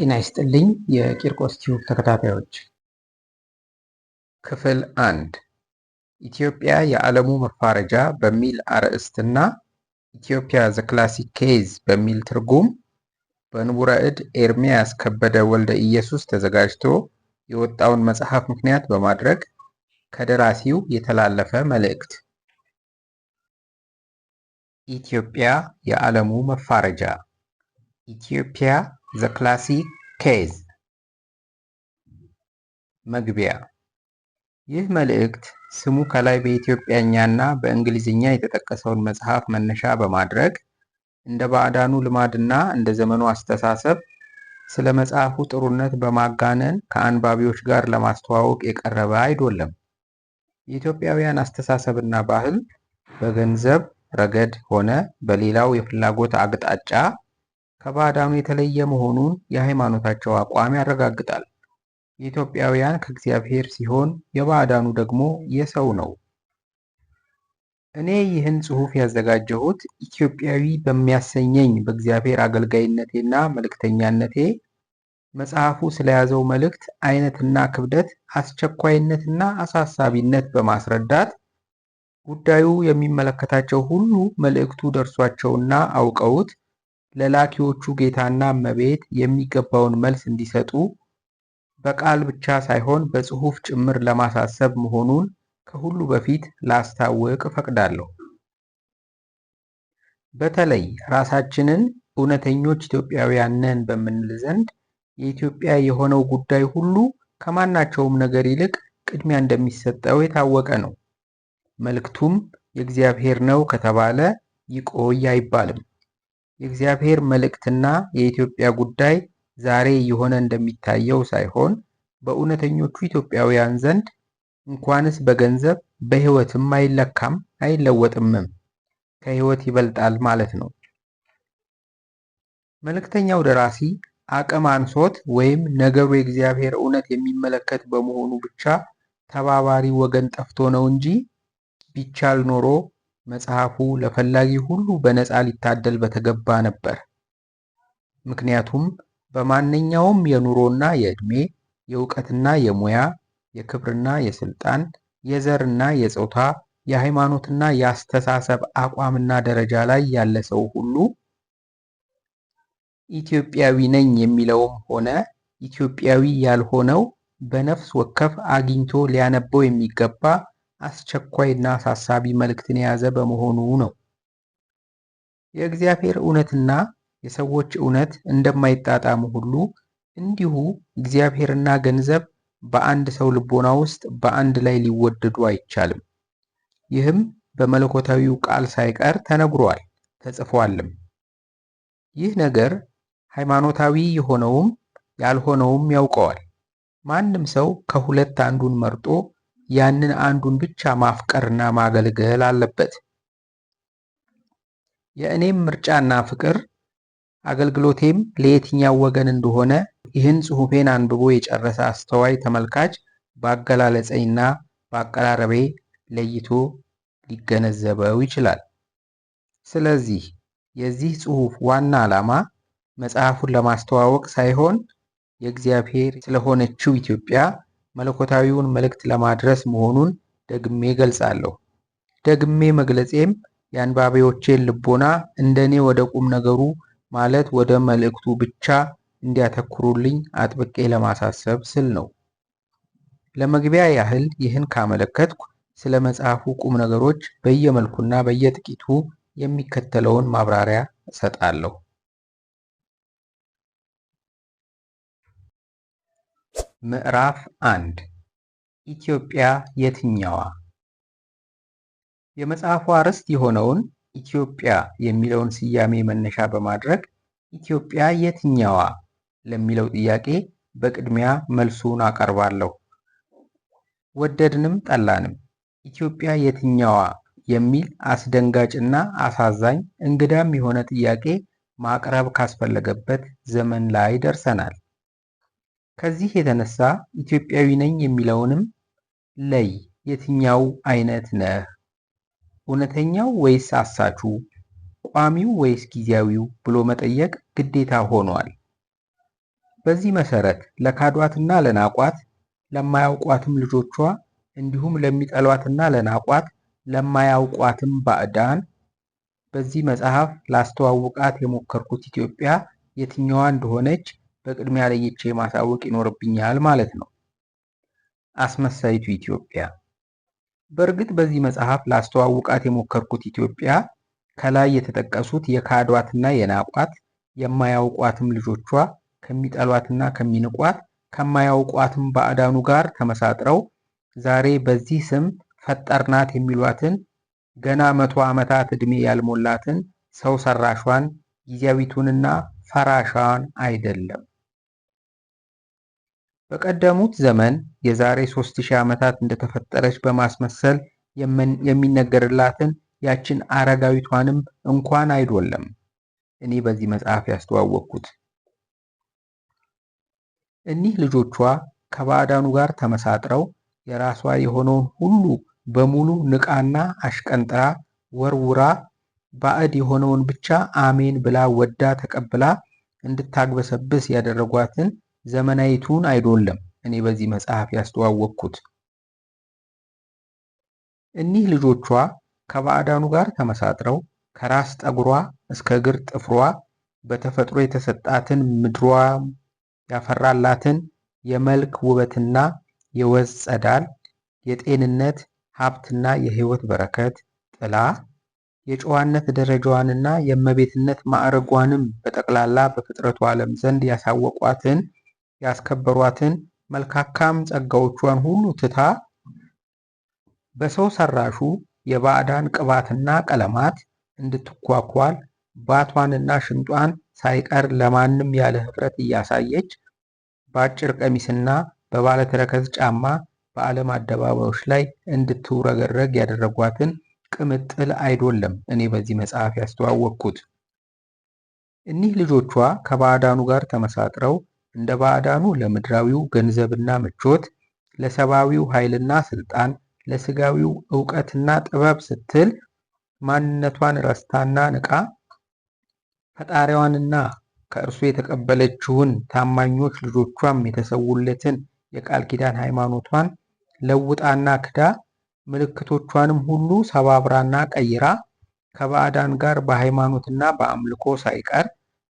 ጤና ይስጥልኝ የቂርቆስ ቲዩብ ተከታታዮች። ክፍል አንድ ኢትዮጵያ የዓለሙ መፋረጃ በሚል አርዕስትና ኢትዮጵያ ዘ ክላሲክ ኬዝ በሚል ትርጉም በንቡረ እድ ኤርሚያስ ከበደ ወልደ ኢየሱስ ተዘጋጅቶ የወጣውን መጽሐፍ ምክንያት በማድረግ ከደራሲው የተላለፈ መልእክት። ኢትዮጵያ የዓለሙ መፋረጃ ኢትዮጵያ ዘ ክላሲክ ኬዝ መግቢያ ይህ መልእክት ስሙ ከላይ በኢትዮጵያኛ በኢትዮጵያኛና በእንግሊዝኛ የተጠቀሰውን መጽሐፍ መነሻ በማድረግ እንደ ባዕዳኑ ልማድና እንደ ዘመኑ አስተሳሰብ ስለ መጽሐፉ ጥሩነት በማጋነን ከአንባቢዎች ጋር ለማስተዋወቅ የቀረበ አይደለም። የኢትዮጵያውያን አስተሳሰብና ባህል በገንዘብ ረገድ ሆነ በሌላው የፍላጎት አቅጣጫ ከባዕዳኑ የተለየ መሆኑን የሃይማኖታቸው አቋም ያረጋግጣል። የኢትዮጵያውያን ከእግዚአብሔር ሲሆን የባዕዳኑ ደግሞ የሰው ነው። እኔ ይህን ጽሑፍ ያዘጋጀሁት ኢትዮጵያዊ በሚያሰኘኝ በእግዚአብሔር አገልጋይነቴና መልእክተኛነቴ መጽሐፉ ስለያዘው መልእክት አይነትና ክብደት፣ አስቸኳይነትና አሳሳቢነት በማስረዳት ጉዳዩ የሚመለከታቸው ሁሉ መልእክቱ ደርሷቸውና አውቀውት ለላኪዎቹ ጌታና እመቤት የሚገባውን መልስ እንዲሰጡ በቃል ብቻ ሳይሆን በጽሑፍ ጭምር ለማሳሰብ መሆኑን ከሁሉ በፊት ላስታውቅ እፈቅዳለሁ። በተለይ ራሳችንን እውነተኞች ኢትዮጵያውያን ነን በምንል ዘንድ የኢትዮጵያ የሆነው ጉዳይ ሁሉ ከማናቸውም ነገር ይልቅ ቅድሚያ እንደሚሰጠው የታወቀ ነው። መልእክቱም የእግዚአብሔር ነው ከተባለ ይቆይ አይባልም። የእግዚአብሔር መልእክትና የኢትዮጵያ ጉዳይ ዛሬ እየሆነ እንደሚታየው ሳይሆን በእውነተኞቹ ኢትዮጵያውያን ዘንድ እንኳንስ በገንዘብ በሕይወትም አይለካም አይለወጥምም፣ ከሕይወት ይበልጣል ማለት ነው። መልእክተኛው ደራሲ አቅም አንሶት ወይም ነገሩ የእግዚአብሔር እውነት የሚመለከት በመሆኑ ብቻ ተባባሪ ወገን ጠፍቶ ነው እንጂ ቢቻል ኖሮ መጽሐፉ ለፈላጊ ሁሉ በነፃ ሊታደል በተገባ ነበር። ምክንያቱም በማንኛውም የኑሮና የዕድሜ የእውቀትና የሙያ የክብርና የስልጣን የዘርና የጾታ የሃይማኖትና የአስተሳሰብ አቋምና ደረጃ ላይ ያለ ሰው ሁሉ ኢትዮጵያዊ ነኝ የሚለውም ሆነ ኢትዮጵያዊ ያልሆነው በነፍስ ወከፍ አግኝቶ ሊያነበው የሚገባ አስቸኳይ እና አሳሳቢ መልእክትን የያዘ በመሆኑ ነው። የእግዚአብሔር እውነትና የሰዎች እውነት እንደማይጣጣሙ ሁሉ እንዲሁ እግዚአብሔርና ገንዘብ በአንድ ሰው ልቦና ውስጥ በአንድ ላይ ሊወደዱ አይቻልም። ይህም በመለኮታዊው ቃል ሳይቀር ተነግሯል ተጽፏልም። ይህ ነገር ሃይማኖታዊ የሆነውም ያልሆነውም ያውቀዋል። ማንም ሰው ከሁለት አንዱን መርጦ ያንን አንዱን ብቻ ማፍቀርና ማገልገል አለበት። የእኔም ምርጫና ፍቅር አገልግሎቴም ለየትኛው ወገን እንደሆነ ይህን ጽሑፌን አንብቦ የጨረሰ አስተዋይ ተመልካች በአገላለጸኝና በአቀራረቤ ለይቶ ሊገነዘበው ይችላል። ስለዚህ የዚህ ጽሑፍ ዋና ዓላማ መጽሐፉን ለማስተዋወቅ ሳይሆን የእግዚአብሔር ስለሆነችው ኢትዮጵያ መለኮታዊውን መልእክት ለማድረስ መሆኑን ደግሜ ገልጻለሁ። ደግሜ መግለጼም የአንባቢዎቼን ልቦና እንደኔ ወደ ቁም ነገሩ ማለት ወደ መልእክቱ ብቻ እንዲያተኩሩልኝ አጥብቄ ለማሳሰብ ስል ነው። ለመግቢያ ያህል ይህን ካመለከትኩ ስለ መጽሐፉ ቁም ነገሮች በየመልኩና በየጥቂቱ የሚከተለውን ማብራሪያ እሰጣለሁ። ምዕራፍ አንድ ኢትዮጵያ የትኛዋ? የመጽሐፉ አርዕስት የሆነውን ኢትዮጵያ የሚለውን ስያሜ መነሻ በማድረግ ኢትዮጵያ የትኛዋ ለሚለው ጥያቄ በቅድሚያ መልሱን አቀርባለሁ። ወደድንም ጠላንም ኢትዮጵያ የትኛዋ የሚል አስደንጋጭ እና አሳዛኝ እንግዳም የሆነ ጥያቄ ማቅረብ ካስፈለገበት ዘመን ላይ ደርሰናል። ከዚህ የተነሳ ኢትዮጵያዊ ነኝ የሚለውንም ለይ የትኛው አይነት ነህ? እውነተኛው ወይስ አሳቹ? ቋሚው ወይስ ጊዜያዊው ብሎ መጠየቅ ግዴታ ሆኗል። በዚህ መሰረት ለካዷትና ለናቋት፣ ለማያውቋትም ልጆቿ እንዲሁም ለሚጠሏትና ለናቋት ለማያውቋትም ባዕዳን በዚህ መጽሐፍ ላስተዋውቃት የሞከርኩት ኢትዮጵያ የትኛዋ እንደሆነች በቅድሚያ ለይቼ ማሳወቅ ይኖርብኛል ማለት ነው። አስመሳይቱ ኢትዮጵያ። በእርግጥ በዚህ መጽሐፍ ላስተዋውቃት የሞከርኩት ኢትዮጵያ ከላይ የተጠቀሱት የካዷትና የናቋት የማያውቋትም ልጆቿ ከሚጠሏትና ከሚንቋት ከማያውቋትም ባዕዳኑ ጋር ተመሳጥረው ዛሬ በዚህ ስም ፈጠርናት የሚሏትን ገና መቶ ዓመታት ዕድሜ ያልሞላትን ሰው ሰራሿን ጊዜያዊቱንና ፈራሿን አይደለም። በቀደሙት ዘመን የዛሬ 3000 ዓመታት እንደተፈጠረች በማስመሰል የሚነገርላትን ያችን አረጋዊቷንም እንኳን አይዶለም እኔ በዚህ መጽሐፍ ያስተዋወቅኩት። እኒህ ልጆቿ ከባዕዳኑ ጋር ተመሳጥረው የራሷ የሆነውን ሁሉ በሙሉ ንቃና አሽቀንጥራ ወርውራ ባዕድ የሆነውን ብቻ አሜን ብላ ወዳ ተቀብላ እንድታግበሰብስ ያደረጓትን ዘመናዊቱን አይደለም እኔ በዚህ መጽሐፍ ያስተዋወቅኩት። እኒህ ልጆቿ ከባዕዳኑ ጋር ተመሳጥረው ከራስ ጠጉሯ እስከ እግር ጥፍሯ በተፈጥሮ የተሰጣትን ምድሯ ያፈራላትን የመልክ ውበትና የወዝ ጸዳል፣ የጤንነት ሀብትና የህይወት በረከት ጥላ የጨዋነት ደረጃዋንና የእመቤትነት ማዕረጓንም በጠቅላላ በፍጥረቱ ዓለም ዘንድ ያሳወቋትን ያስከበሯትን መልካካም ጸጋዎቿን ሁሉ ትታ በሰው ሰራሹ የባዕዳን ቅባትና ቀለማት እንድትኳኳል ባቷንና ሽንጧን ሳይቀር ለማንም ያለ ኅፍረት እያሳየች በአጭር ቀሚስና በባለተረከዝ ጫማ በዓለም አደባባዮች ላይ እንድትውረገረግ ያደረጓትን ቅምጥል አይዶለም እኔ በዚህ መጽሐፍ ያስተዋወቅኩት። እኒህ ልጆቿ ከባዕዳኑ ጋር ተመሳጥረው እንደ ባዕዳኑ ለምድራዊው ገንዘብና ምቾት፣ ለሰብአዊው ኃይልና ስልጣን፣ ለስጋዊው እውቀትና ጥበብ ስትል ማንነቷን ረስታና ንቃ ፈጣሪዋንና ከእርሱ የተቀበለችውን ታማኞች ልጆቿም የተሰውለትን የቃል ኪዳን ሃይማኖቷን ለውጣና ክዳ ምልክቶቿንም ሁሉ ሰባብራና ቀይራ ከባዕዳን ጋር በሃይማኖትና በአምልኮ ሳይቀር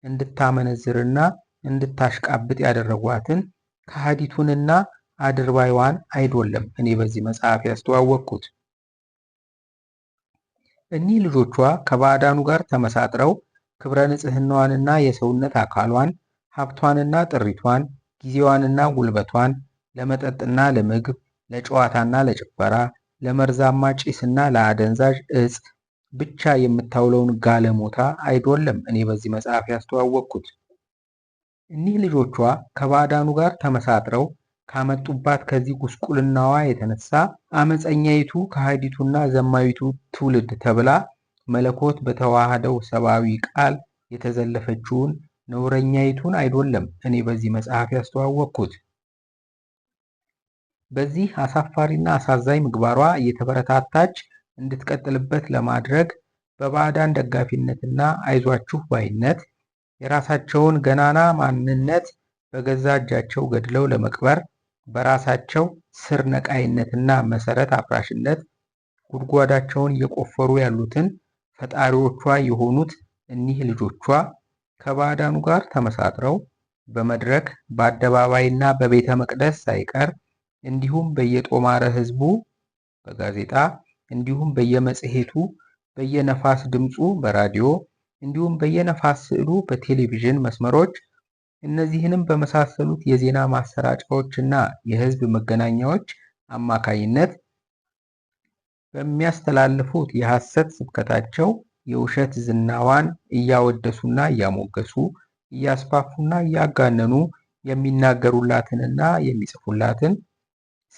እንድታመነዝርና እንድታሽቃብጥ ያደረጓትን ከሃዲቱንና አድርባይዋን አይደለም እኔ በዚህ መጽሐፍ ያስተዋወቅኩት። እኒህ ልጆቿ ከባዕዳኑ ጋር ተመሳጥረው ክብረ ንጽህናዋንና የሰውነት አካሏን ሀብቷንና ጥሪቷን ጊዜዋንና ጉልበቷን ለመጠጥና ለምግብ፣ ለጨዋታና ለጭፈራ፣ ለመርዛማ ጭስና ለአደንዛዥ እጽ ብቻ የምታውለውን ጋለሞታ አይዶለም እኔ በዚህ መጽሐፍ ያስተዋወቅኩት። እኒህ ልጆቿ ከባዕዳኑ ጋር ተመሳጥረው ካመጡባት ከዚህ ጉስቁልናዋ የተነሳ አመፀኛይቱ ከሃዲቱና ዘማዊቱ ትውልድ ተብላ መለኮት በተዋህደው ሰብአዊ ቃል የተዘለፈችውን ነውረኛይቱን አይደለም እኔ በዚህ መጽሐፍ ያስተዋወቅኩት። በዚህ አሳፋሪና አሳዛኝ ምግባሯ እየተበረታታች እንድትቀጥልበት ለማድረግ በባዕዳን ደጋፊነትና አይዟችሁ ባይነት የራሳቸውን ገናና ማንነት በገዛ እጃቸው ገድለው ለመቅበር በራሳቸው ስር ነቃይነትና መሰረት አፍራሽነት ጉድጓዳቸውን እየቆፈሩ ያሉትን ፈጣሪዎቿ የሆኑት እኒህ ልጆቿ ከባዕዳኑ ጋር ተመሳጥረው በመድረክ በአደባባይና በቤተ መቅደስ ሳይቀር እንዲሁም በየጦማረ ሕዝቡ በጋዜጣ እንዲሁም በየመጽሔቱ በየነፋስ ድምፁ በራዲዮ እንዲሁም በየነፋስ ስዕሉ በቴሌቪዥን መስመሮች እነዚህንም በመሳሰሉት የዜና ማሰራጫዎች እና የህዝብ መገናኛዎች አማካይነት በሚያስተላልፉት የሐሰት ስብከታቸው የውሸት ዝናዋን እያወደሱና እያሞገሱ እያስፋፉና እያጋነኑ የሚናገሩላትንና የሚጽፉላትን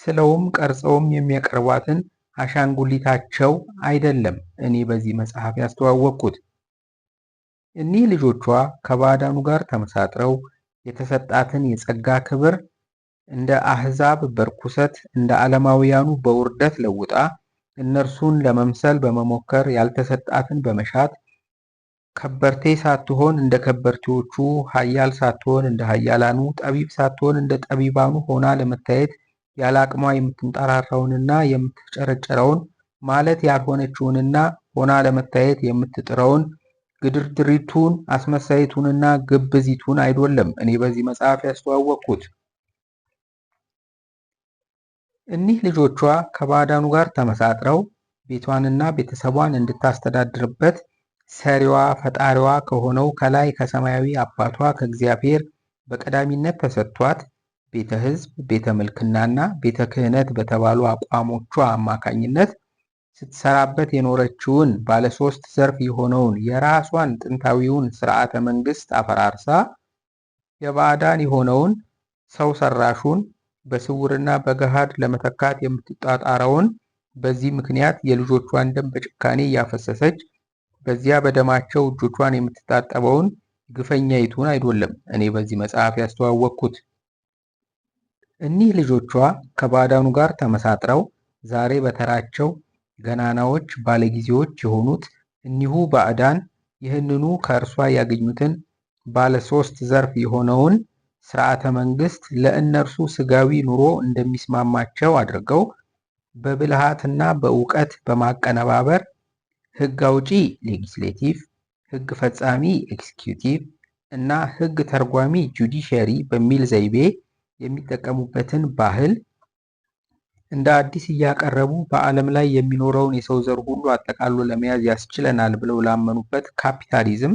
ስለውም ቀርጸውም የሚያቀርቧትን አሻንጉሊታቸው አይደለም እኔ በዚህ መጽሐፍ ያስተዋወቅኩት እኒህ ልጆቿ ከባዕዳኑ ጋር ተመሳጥረው የተሰጣትን የጸጋ ክብር እንደ አህዛብ በርኩሰት እንደ ዓለማውያኑ በውርደት ለውጣ እነርሱን ለመምሰል በመሞከር ያልተሰጣትን በመሻት ከበርቴ ሳትሆን እንደ ከበርቴዎቹ፣ ኃያል ሳትሆን እንደ ኃያላኑ፣ ጠቢብ ሳትሆን እንደ ጠቢባኑ ሆና ለመታየት ያለ አቅሟ የምትንጠራራውንና የምትጨረጨረውን ማለት ያልሆነችውንና ሆና ለመታየት የምትጥረውን ግድርድሪቱን አስመሳይቱንና ግብዚቱን አይደለም እኔ በዚህ መጽሐፍ ያስተዋወቅኩት። እኒህ ልጆቿ ከባዕዳኑ ጋር ተመሳጥረው ቤቷንና ቤተሰቧን እንድታስተዳድርበት ሰሪዋ ፈጣሪዋ ከሆነው ከላይ ከሰማያዊ አባቷ ከእግዚአብሔር በቀዳሚነት ተሰጥቷት ቤተ ሕዝብ፣ ቤተ ምልክናና ቤተ ክህነት በተባሉ አቋሞቿ አማካኝነት ስትሰራበት የኖረችውን ባለሶስት ዘርፍ የሆነውን የራሷን ጥንታዊውን ስርዓተ መንግስት አፈራርሳ የባዕዳን የሆነውን ሰው ሰራሹን በስውርና በገሃድ ለመተካት የምትጣጣረውን በዚህ ምክንያት የልጆቿን ደም በጭካኔ እያፈሰሰች በዚያ በደማቸው እጆቿን የምትታጠበውን ግፈኛይቱን አይደለም እኔ በዚህ መጽሐፍ ያስተዋወቅኩት። እኒህ ልጆቿ ከባዕዳኑ ጋር ተመሳጥረው ዛሬ በተራቸው ገናናዎች ባለጊዜዎች የሆኑት እኒሁ ባዕዳን ይህንኑ ከእርሷ ያገኙትን ባለ ሶስት ዘርፍ የሆነውን ስርዓተ መንግስት ለእነርሱ ስጋዊ ኑሮ እንደሚስማማቸው አድርገው በብልሃትና በእውቀት በማቀነባበር ህግ አውጪ ሌጊስሌቲቭ፣ ህግ ፈጻሚ ኤክስኪዩቲቭ እና ህግ ተርጓሚ ጁዲሽሪ በሚል ዘይቤ የሚጠቀሙበትን ባህል እንደ አዲስ እያቀረቡ በዓለም ላይ የሚኖረውን የሰው ዘር ሁሉ አጠቃሎ ለመያዝ ያስችለናል ብለው ላመኑበት ካፒታሊዝም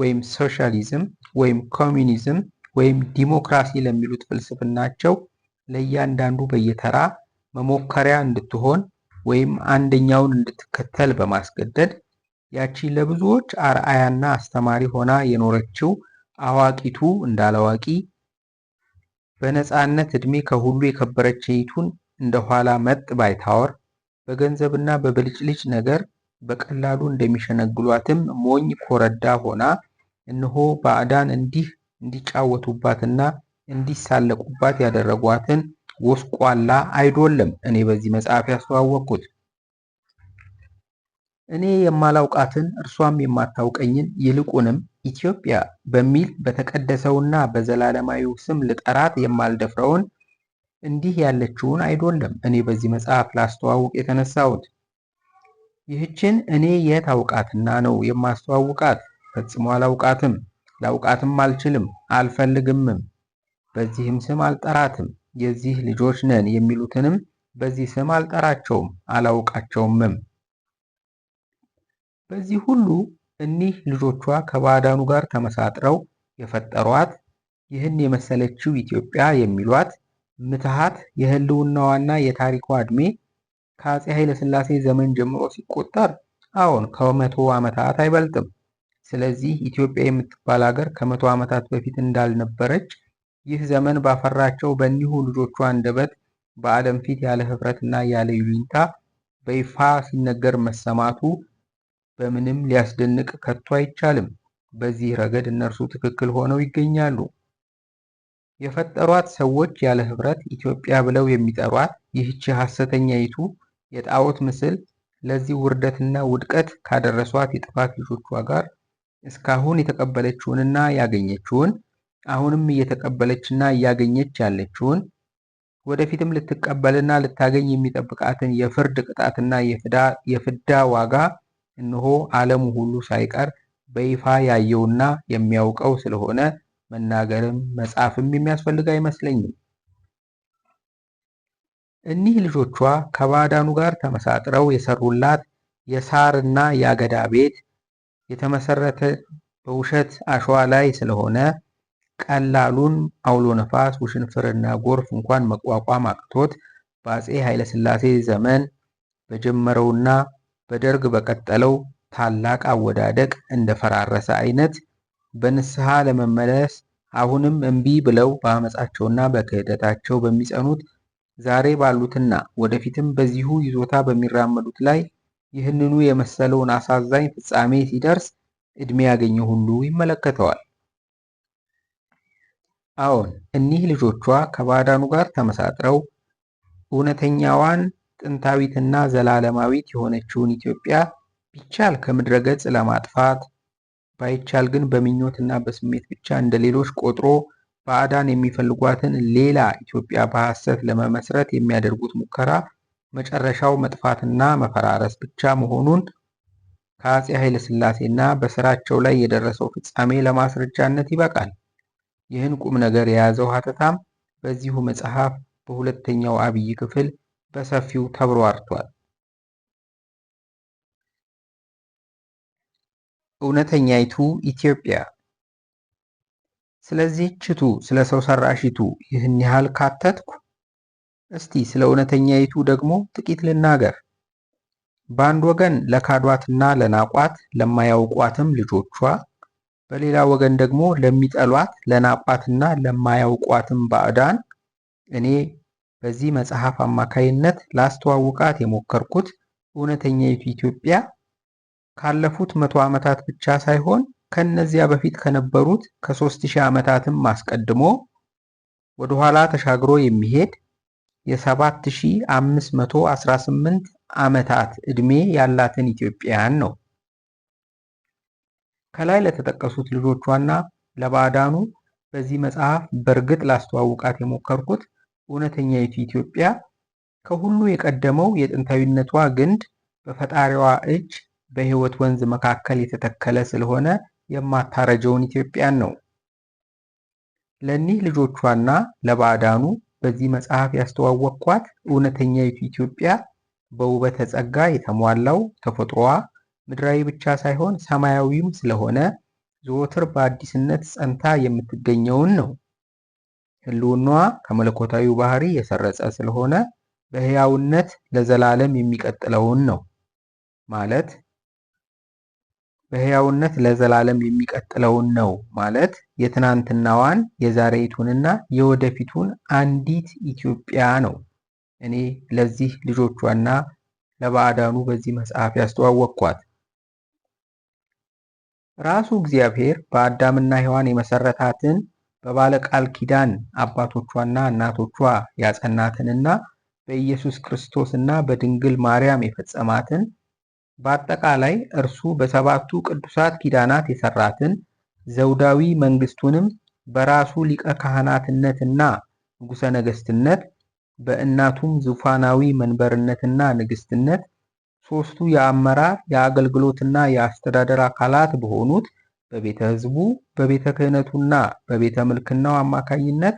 ወይም ሶሻሊዝም ወይም ኮሚኒዝም ወይም ዲሞክራሲ ለሚሉት ፍልስፍናቸው ለእያንዳንዱ በየተራ መሞከሪያ እንድትሆን ወይም አንደኛውን እንድትከተል በማስገደድ ያቺ ለብዙዎች አርአያና አስተማሪ ሆና የኖረችው አዋቂቱ እንዳላዋቂ በነፃነት እድሜ ከሁሉ ይቱን እንደ ኋላ መጥ ባይታወር በገንዘብና በብልጭልጭ ነገር በቀላሉ እንደሚሸነግሏትም ሞኝ ኮረዳ ሆና እነሆ ባዕዳን እንዲህ እንዲጫወቱባትና እንዲሳለቁባት ያደረጓትን ጎስቋላ አይዶልም እኔ በዚህ መጽሐፍ ያስተዋወቅኩት። እኔ የማላውቃትን እርሷም የማታውቀኝን ይልቁንም ኢትዮጵያ በሚል በተቀደሰውና በዘላለማዊው ስም ልጠራት የማልደፍረውን እንዲህ ያለችውን አይደለም እኔ በዚህ መጽሐፍ ላስተዋውቅ የተነሳሁት። ይህችን እኔ የት አውቃትና ነው የማስተዋውቃት? ፈጽሞ አላውቃትም፣ ላውቃትም አልችልም፣ አልፈልግምም። በዚህም ስም አልጠራትም። የዚህ ልጆች ነን የሚሉትንም በዚህ ስም አልጠራቸውም፣ አላውቃቸውምም። በዚህ ሁሉ እኒህ ልጆቿ ከባዕዳኑ ጋር ተመሳጥረው የፈጠሯት ይህን የመሰለችው ኢትዮጵያ የሚሏት ምትሃት የህልውናዋና የታሪኳ ዕድሜ ከአፄ ኃይለሥላሴ ዘመን ጀምሮ ሲቆጠር አሁን ከመቶ ዓመታት አይበልጥም። ስለዚህ ኢትዮጵያ የምትባል ሀገር ከመቶ ዓመታት በፊት እንዳልነበረች ይህ ዘመን ባፈራቸው በእኒሁ ልጆቿ አንደበት በዓለም ፊት ያለ ኅፍረትና ያለ ይሉኝታ በይፋ ሲነገር መሰማቱ በምንም ሊያስደንቅ ከቶ አይቻልም። በዚህ ረገድ እነርሱ ትክክል ሆነው ይገኛሉ። የፈጠሯት ሰዎች ያለ ህብረት ኢትዮጵያ ብለው የሚጠሯት ይህች ሐሰተኛይቱ የጣዖት ምስል ለዚህ ውርደትና ውድቀት ካደረሷት የጥፋት ልጆቿ ጋር እስካሁን የተቀበለችውንና ያገኘችውን አሁንም እየተቀበለችና እያገኘች ያለችውን ወደፊትም ልትቀበልና ልታገኝ የሚጠብቃትን የፍርድ ቅጣትና የፍዳ ዋጋ እነሆ ዓለሙ ሁሉ ሳይቀር በይፋ ያየውና የሚያውቀው ስለሆነ መናገርም መጻፍም የሚያስፈልግ አይመስለኝም። እኒህ ልጆቿ ከባዕዳኑ ጋር ተመሳጥረው የሰሩላት የሳርና የአገዳ ቤት የተመሰረተ በውሸት አሸዋ ላይ ስለሆነ ቀላሉን አውሎ ነፋስ፣ ውሽንፍርና ጎርፍ እንኳን መቋቋም አቅቶት በአፄ ኃይለሥላሴ ዘመን በጀመረውና በደርግ በቀጠለው ታላቅ አወዳደቅ እንደፈራረሰ አይነት በንስሐ ለመመለስ አሁንም እምቢ ብለው በአመፃቸውና በክህደታቸው በሚጸኑት ዛሬ ባሉትና ወደፊትም በዚሁ ይዞታ በሚራመዱት ላይ ይህንኑ የመሰለውን አሳዛኝ ፍጻሜ ሲደርስ እድሜ ያገኘ ሁሉ ይመለከተዋል። አዎን እኒህ ልጆቿ ከባዕዳኑ ጋር ተመሳጥረው እውነተኛዋን ጥንታዊትና ዘላለማዊት የሆነችውን ኢትዮጵያ ቢቻል ከምድረ ገጽ ለማጥፋት ባይቻል ግን በምኞት እና በስሜት ብቻ እንደ ሌሎች ቆጥሮ ባዕዳን የሚፈልጓትን ሌላ ኢትዮጵያ በሐሰት ለመመስረት የሚያደርጉት ሙከራ መጨረሻው መጥፋትና መፈራረስ ብቻ መሆኑን ከአጼ ኃይለ ሥላሴና በስራቸው ላይ የደረሰው ፍጻሜ ለማስረጃነት ይበቃል። ይህን ቁም ነገር የያዘው ሀተታም በዚሁ መጽሐፍ በሁለተኛው አብይ ክፍል በሰፊው ተብሯርቷል። እውነተኛይቱ ኢትዮጵያ ስለዚህችቱ ስለ ሰው ሰራሽቱ ይህን ያህል ካተትኩ። እስቲ ስለ እውነተኛይቱ ደግሞ ጥቂት ልናገር። በአንድ ወገን ለካዷትና ለናቋት ለማያውቋትም ልጆቿ፣ በሌላ ወገን ደግሞ ለሚጠሏት ለናቋትና ለማያውቋትም ባዕዳን እኔ በዚህ መጽሐፍ አማካይነት ላስተዋውቃት የሞከርኩት እውነተኛይቱ ኢትዮጵያ ካለፉት መቶ ዓመታት ብቻ ሳይሆን ከነዚያ በፊት ከነበሩት ከሦስት ሺህ ዓመታትም አስቀድሞ ኋላ ተሻግሮ የሚሄድ የ7518 ዓመታት ዕድሜ ያላትን ኢትዮጵያን ነው። ከላይ ለተጠቀሱት ልጆቿና ለባዕዳኑ በዚህ መጽሐፍ በእርግጥ ላስተዋውቃት የሞከርኩት እውነተኛይቱ ኢትዮጵያ ከሁሉ የቀደመው የጥንታዊነቷ ግንድ በፈጣሪዋ እጅ በሕይወት ወንዝ መካከል የተተከለ ስለሆነ የማታረጀውን ኢትዮጵያን ነው። ለእኒህ ልጆቿና ለባዕዳኑ በዚህ መጽሐፍ ያስተዋወቅኳት እውነተኛይቱ ኢትዮጵያ በውበተ ጸጋ የተሟላው ተፈጥሮዋ ምድራዊ ብቻ ሳይሆን ሰማያዊም ስለሆነ ዘወትር በአዲስነት ጸንታ የምትገኘውን ነው። ህልውኗ ከመለኮታዊ ባህሪ የሰረጸ ስለሆነ በሕያውነት ለዘላለም የሚቀጥለውን ነው ማለት በሕያውነት ለዘላለም የሚቀጥለውን ነው ማለት የትናንትናዋን የዛሬይቱንና የወደፊቱን አንዲት ኢትዮጵያ ነው። እኔ ለዚህ ልጆቿና ለባዕዳኑ በዚህ መጽሐፍ ያስተዋወቅኳት። ራሱ እግዚአብሔር በአዳምና ሔዋን የመሰረታትን በባለ ቃል ኪዳን አባቶቿና እናቶቿ ያጸናትንና በኢየሱስ ክርስቶስና በድንግል ማርያም የፈጸማትን በአጠቃላይ እርሱ በሰባቱ ቅዱሳት ኪዳናት የሰራትን ዘውዳዊ መንግስቱንም በራሱ ሊቀ ካህናትነትና ንጉሠ ነገሥትነት በእናቱም ዙፋናዊ መንበርነትና ንግሥትነት ሦስቱ የአመራር፣ የአገልግሎትና የአስተዳደር አካላት በሆኑት በቤተ ሕዝቡ፣ በቤተ ክህነቱና በቤተ ምልክናው አማካይነት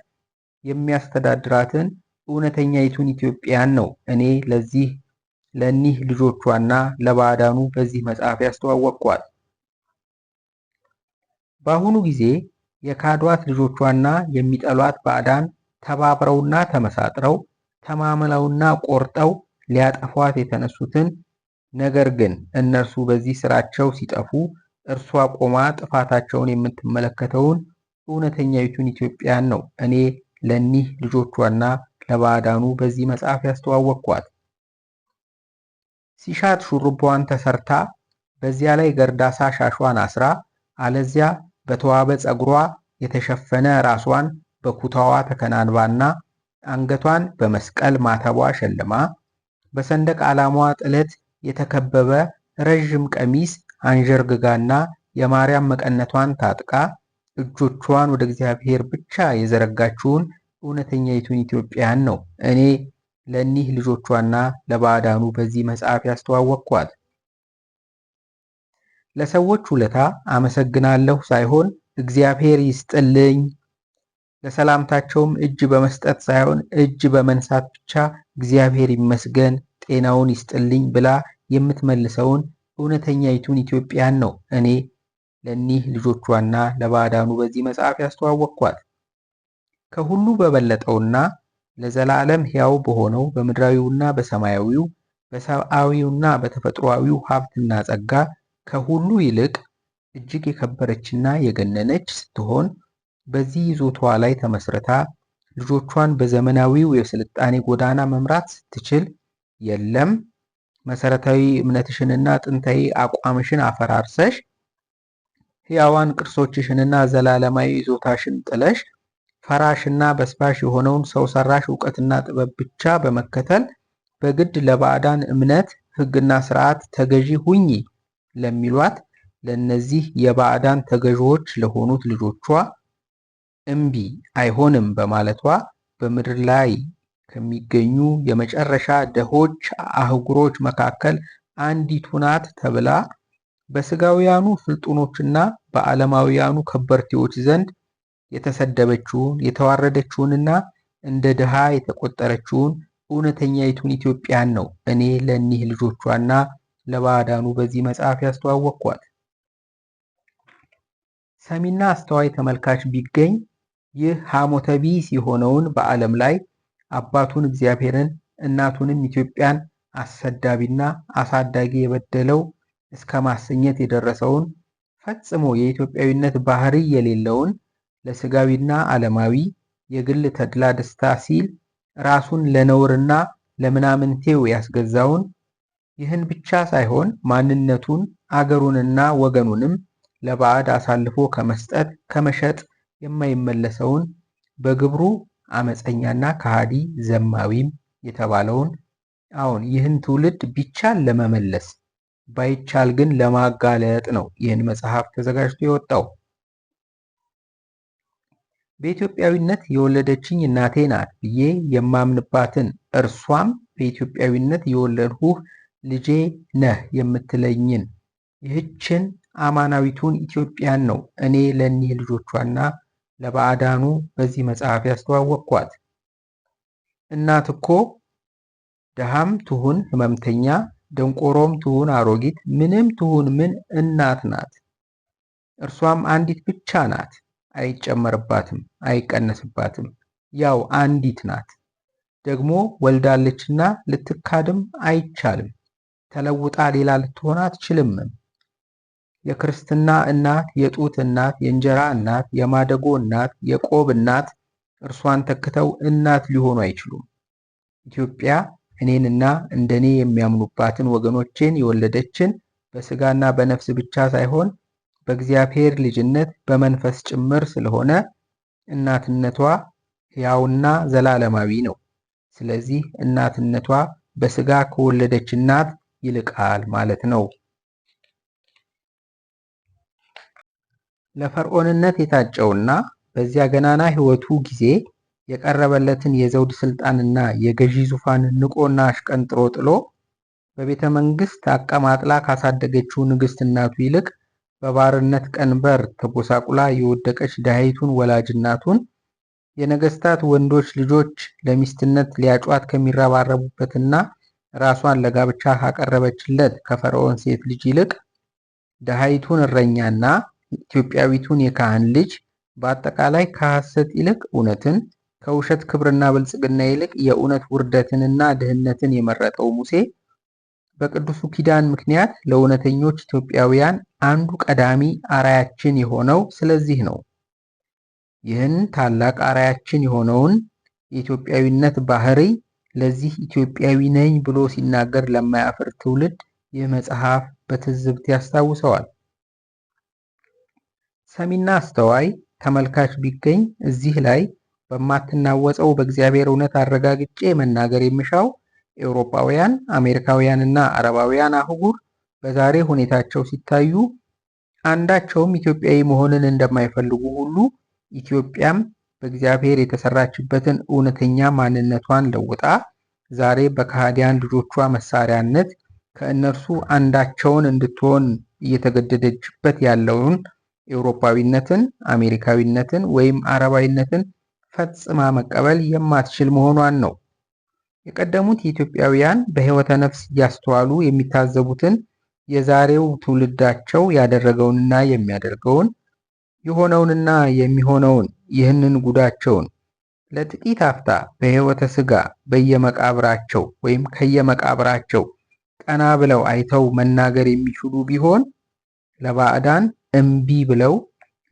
የሚያስተዳድራትን እውነተኛይቱን ኢትዮጵያን ነው እኔ ለዚህ ለእኒህ ልጆቿና ለባዕዳኑ በዚህ መጽሐፍ ያስተዋወቅኳት። በአሁኑ ጊዜ የካዷት ልጆቿና የሚጠሏት ባዕዳን ተባብረውና ተመሳጥረው ተማምለውና ቆርጠው ሊያጠፏት የተነሱትን ነገር ግን እነርሱ በዚህ ስራቸው ሲጠፉ እርሷ ቆማ ጥፋታቸውን የምትመለከተውን እውነተኛዊቱን ኢትዮጵያን ነው እኔ ለኒህ ልጆቿና ለባዕዳኑ በዚህ መጽሐፍ ያስተዋወቅኳት። ሲሻት ሹሩባዋን ተሰርታ በዚያ ላይ ገርዳሳ ሻሿን አስራ አለዚያ በተዋበ ፀጉሯ የተሸፈነ ራሷን በኩታዋ ተከናንባና አንገቷን በመስቀል ማተቧ ሸልማ በሰንደቅ ዓላማዋ ጥለት የተከበበ ረዥም ቀሚስ አንዠርግጋና የማርያም መቀነቷን ታጥቃ እጆቿን ወደ እግዚአብሔር ብቻ የዘረጋችውን እውነተኛይቱን ኢትዮጵያን ነው እኔ ለእኒህ ልጆቿና ለባዕዳኑ በዚህ መጽሐፍ ያስተዋወቅኳት። ለሰዎች ውለታ አመሰግናለሁ ሳይሆን እግዚአብሔር ይስጥልኝ፣ ለሰላምታቸውም እጅ በመስጠት ሳይሆን እጅ በመንሳት ብቻ እግዚአብሔር ይመስገን ጤናውን ይስጥልኝ ብላ የምትመልሰውን እውነተኛይቱን ኢትዮጵያን ነው እኔ ለእኒህ ልጆቿና ለባዕዳኑ በዚህ መጽሐፍ ያስተዋወቅኳት። ከሁሉ በበለጠውና ለዘላለም ሕያው በሆነው በምድራዊውና በሰማያዊው በሰብአዊውና በተፈጥሮአዊው ሀብትና ጸጋ ከሁሉ ይልቅ እጅግ የከበረችና የገነነች ስትሆን በዚህ ይዞታዋ ላይ ተመስርታ ልጆቿን በዘመናዊው የስልጣኔ ጎዳና መምራት ስትችል የለም መሰረታዊ እምነትሽንና ጥንታዊ አቋምሽን አፈራርሰሽ ሕያዋን ቅርሶችሽንና ዘላለማዊ ይዞታሽን ጥለሽ ፈራሽ እና በስባሽ የሆነውን ሰው ሰራሽ እውቀትና ጥበብ ብቻ በመከተል በግድ ለባዕዳን እምነት ሕግና ስርዓት ተገዢ ሁኚ ለሚሏት ለእነዚህ የባዕዳን ተገዢዎች ለሆኑት ልጆቿ እምቢ አይሆንም በማለቷ በምድር ላይ ከሚገኙ የመጨረሻ ደሆች አህጉሮች መካከል አንዲቱ ናት ተብላ በስጋውያኑ ፍልጡኖችና በዓለማውያኑ ከበርቴዎች ዘንድ የተሰደበችውን የተዋረደችውንና እንደ ድሃ የተቆጠረችውን እውነተኛይቱን ኢትዮጵያን ነው እኔ ለእኒህ ልጆቿና ለባዕዳኑ በዚህ መጽሐፍ ያስተዋወቅኳት። ሰሚና አስተዋይ ተመልካች ቢገኝ ይህ ሐሞተ የሆነውን በዓለም ላይ አባቱን እግዚአብሔርን እናቱንም ኢትዮጵያን አሰዳቢና አሳዳጊ የበደለው እስከ ማሰኘት የደረሰውን ፈጽሞ የኢትዮጵያዊነት ባህሪ የሌለውን ለስጋዊና ዓለማዊ የግል ተድላ ደስታ ሲል ራሱን ለነውርና ለምናምንቴው ያስገዛውን ይህን ብቻ ሳይሆን ማንነቱን አገሩንና ወገኑንም ለባዕድ አሳልፎ ከመስጠት ከመሸጥ የማይመለሰውን በግብሩ አመፀኛና ከሃዲ ዘማዊም የተባለውን አሁን ይህን ትውልድ ቢቻል ለመመለስ ባይቻል ግን ለማጋለጥ ነው ይህን መጽሐፍ ተዘጋጅቶ የወጣው። በኢትዮጵያዊነት የወለደችኝ እናቴ ናት ብዬ የማምንባትን እርሷም በኢትዮጵያዊነት የወለድሁህ ልጄ ነህ የምትለኝን ይህችን አማናዊቱን ኢትዮጵያን ነው እኔ ለእኔ ልጆቿና ለባዕዳኑ በዚህ መጽሐፍ ያስተዋወቅኳት። እናት እኮ ደሃም ትሁን ህመምተኛ ደንቆሮም ትሁን አሮጊት፣ ምንም ትሁን ምን እናት ናት። እርሷም አንዲት ብቻ ናት። አይጨመርባትም፣ አይቀነስባትም። ያው አንዲት ናት። ደግሞ ወልዳለችና ልትካድም አይቻልም። ተለውጣ ሌላ ልትሆን አትችልምም። የክርስትና እናት፣ የጡት እናት፣ የእንጀራ እናት፣ የማደጎ እናት፣ የቆብ እናት እርሷን ተክተው እናት ሊሆኑ አይችሉም። ኢትዮጵያ እኔንና እንደኔ የሚያምኑባትን ወገኖቼን የወለደችን በስጋና በነፍስ ብቻ ሳይሆን በእግዚአብሔር ልጅነት በመንፈስ ጭምር ስለሆነ እናትነቷ ሕያውና ዘላለማዊ ነው። ስለዚህ እናትነቷ በሥጋ ከወለደች እናት ይልቃል ማለት ነው። ለፈርዖንነት የታጨውና በዚያ ገናና ሕይወቱ ጊዜ የቀረበለትን የዘውድ ስልጣንና የገዢ ዙፋን ንቆና አሽቀንጥሮ ጥሎ በቤተ መንግስት አቀማጥላ ካሳደገችው ንግስት እናቱ ይልቅ በባርነት ቀንበር ተጎሳቁላ የወደቀች ድሃይቱን ወላጅ እናቱን የነገስታት ወንዶች ልጆች ለሚስትነት ሊያጯት ከሚረባረቡበትና ራሷን ለጋብቻ ካቀረበችለት ከፈርዖን ሴት ልጅ ይልቅ ድሃይቱን እረኛና ኢትዮጵያዊቱን የካህን ልጅ በአጠቃላይ ከሐሰት ይልቅ እውነትን ከውሸት ክብርና ብልጽግና ይልቅ የእውነት ውርደትንና ድህነትን የመረጠው ሙሴ በቅዱሱ ኪዳን ምክንያት ለእውነተኞች ኢትዮጵያውያን አንዱ ቀዳሚ አራያችን የሆነው ስለዚህ ነው። ይህን ታላቅ አራያችን የሆነውን የኢትዮጵያዊነት ባህሪ ለዚህ ኢትዮጵያዊ ነኝ ብሎ ሲናገር ለማያፍር ትውልድ ይህ መጽሐፍ በትዝብት ያስታውሰዋል። ሰሚና አስተዋይ ተመልካች ቢገኝ እዚህ ላይ በማትናወጸው በእግዚአብሔር እውነት አረጋግጬ መናገር የሚሻው ኤውሮፓውያን አሜሪካውያንና አረባውያን አህጉር በዛሬ ሁኔታቸው ሲታዩ አንዳቸውም ኢትዮጵያዊ መሆንን እንደማይፈልጉ ሁሉ ኢትዮጵያም በእግዚአብሔር የተሰራችበትን እውነተኛ ማንነቷን ለውጣ ዛሬ በከሃዲያን ልጆቿ መሳሪያነት ከእነርሱ አንዳቸውን እንድትሆን እየተገደደችበት ያለውን ኤውሮፓዊነትን፣ አሜሪካዊነትን ወይም አረባዊነትን ፈጽማ መቀበል የማትችል መሆኗን ነው። የቀደሙት ኢትዮጵያውያን በሕይወተ ነፍስ እያስተዋሉ የሚታዘቡትን የዛሬው ትውልዳቸው ያደረገውንና የሚያደርገውን የሆነውንና የሚሆነውን ይህንን ጉዳቸውን ለጥቂት አፍታ በሕይወተ ሥጋ በየመቃብራቸው ወይም ከየመቃብራቸው ቀና ብለው አይተው መናገር የሚችሉ ቢሆን ለባዕዳን እምቢ ብለው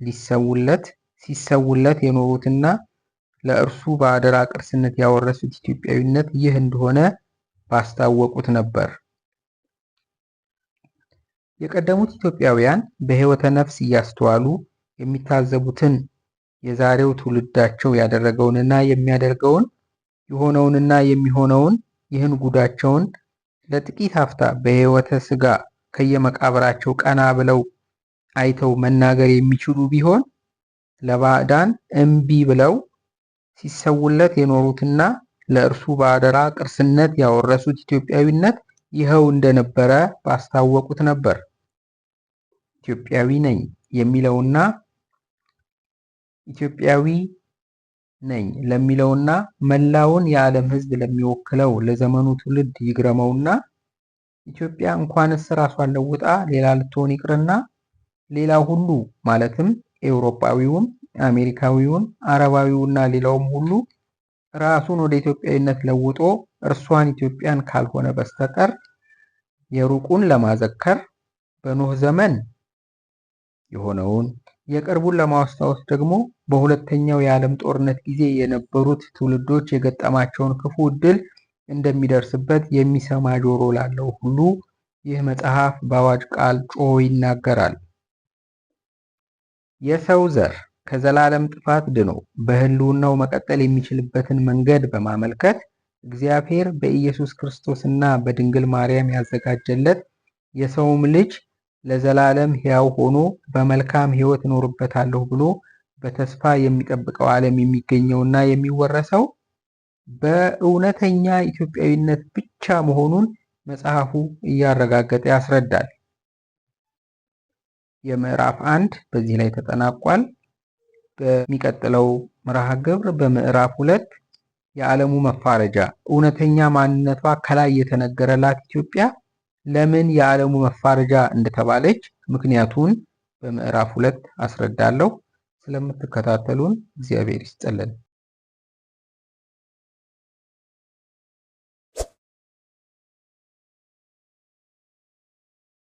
ሊሰውለት ሲሰውለት የኖሩትና ለእርሱ በአደራ ቅርስነት ያወረሱት ኢትዮጵያዊነት ይህ እንደሆነ ባስታወቁት ነበር። የቀደሙት ኢትዮጵያውያን በሕይወተ ነፍስ እያስተዋሉ የሚታዘቡትን የዛሬው ትውልዳቸው ያደረገውንና የሚያደርገውን የሆነውንና የሚሆነውን ይህን ጉዳቸውን ለጥቂት ሀፍታ በሕይወተ ሥጋ ከየመቃብራቸው ቀና ብለው አይተው መናገር የሚችሉ ቢሆን ለባዕዳን እምቢ ብለው ሲሰውለት የኖሩትና ለእርሱ በአደራ ቅርስነት ያወረሱት ኢትዮጵያዊነት ይኸው እንደነበረ ባስታወቁት ነበር። ኢትዮጵያዊ ነኝ የሚለውና ኢትዮጵያዊ ነኝ ለሚለውና መላውን የዓለም ሕዝብ ለሚወክለው ለዘመኑ ትውልድ ይግረመውና ኢትዮጵያ እንኳንስ ራሷን ለውጣ ሌላ ልትሆን ይቅርና ሌላ ሁሉ ማለትም ኤውሮፓዊውም አሜሪካዊውን፣ አረባዊውና ሌላውም ሁሉ ራሱን ወደ ኢትዮጵያዊነት ለውጦ እርሷን ኢትዮጵያን ካልሆነ በስተቀር የሩቁን ለማዘከር በኖህ ዘመን የሆነውን የቅርቡን ለማስታወስ ደግሞ በሁለተኛው የዓለም ጦርነት ጊዜ የነበሩት ትውልዶች የገጠማቸውን ክፉ ዕድል እንደሚደርስበት የሚሰማ ጆሮ ላለው ሁሉ ይህ መጽሐፍ በአዋጅ ቃል ጮሆ ይናገራል። የሰው ዘር ከዘላለም ጥፋት ድኖ በህልውናው መቀጠል የሚችልበትን መንገድ በማመልከት እግዚአብሔር በኢየሱስ ክርስቶስና በድንግል ማርያም ያዘጋጀለት የሰውም ልጅ ለዘላለም ሕያው ሆኖ በመልካም ሕይወት እኖርበታለሁ ብሎ በተስፋ የሚጠብቀው ዓለም የሚገኘውና የሚወረሰው በእውነተኛ ኢትዮጵያዊነት ብቻ መሆኑን መጽሐፉ እያረጋገጠ ያስረዳል። የምዕራፍ አንድ በዚህ ላይ ተጠናቋል። በሚቀጥለው መርሃ ግብር በምዕራፍ ሁለት የዓለሙ መፋረጃ እውነተኛ ማንነቷ ከላይ የተነገረላት ኢትዮጵያ ለምን የዓለሙ መፋረጃ እንደተባለች ምክንያቱን በምዕራፍ ሁለት አስረዳለሁ። ስለምትከታተሉን እግዚአብሔር ይስጥልን።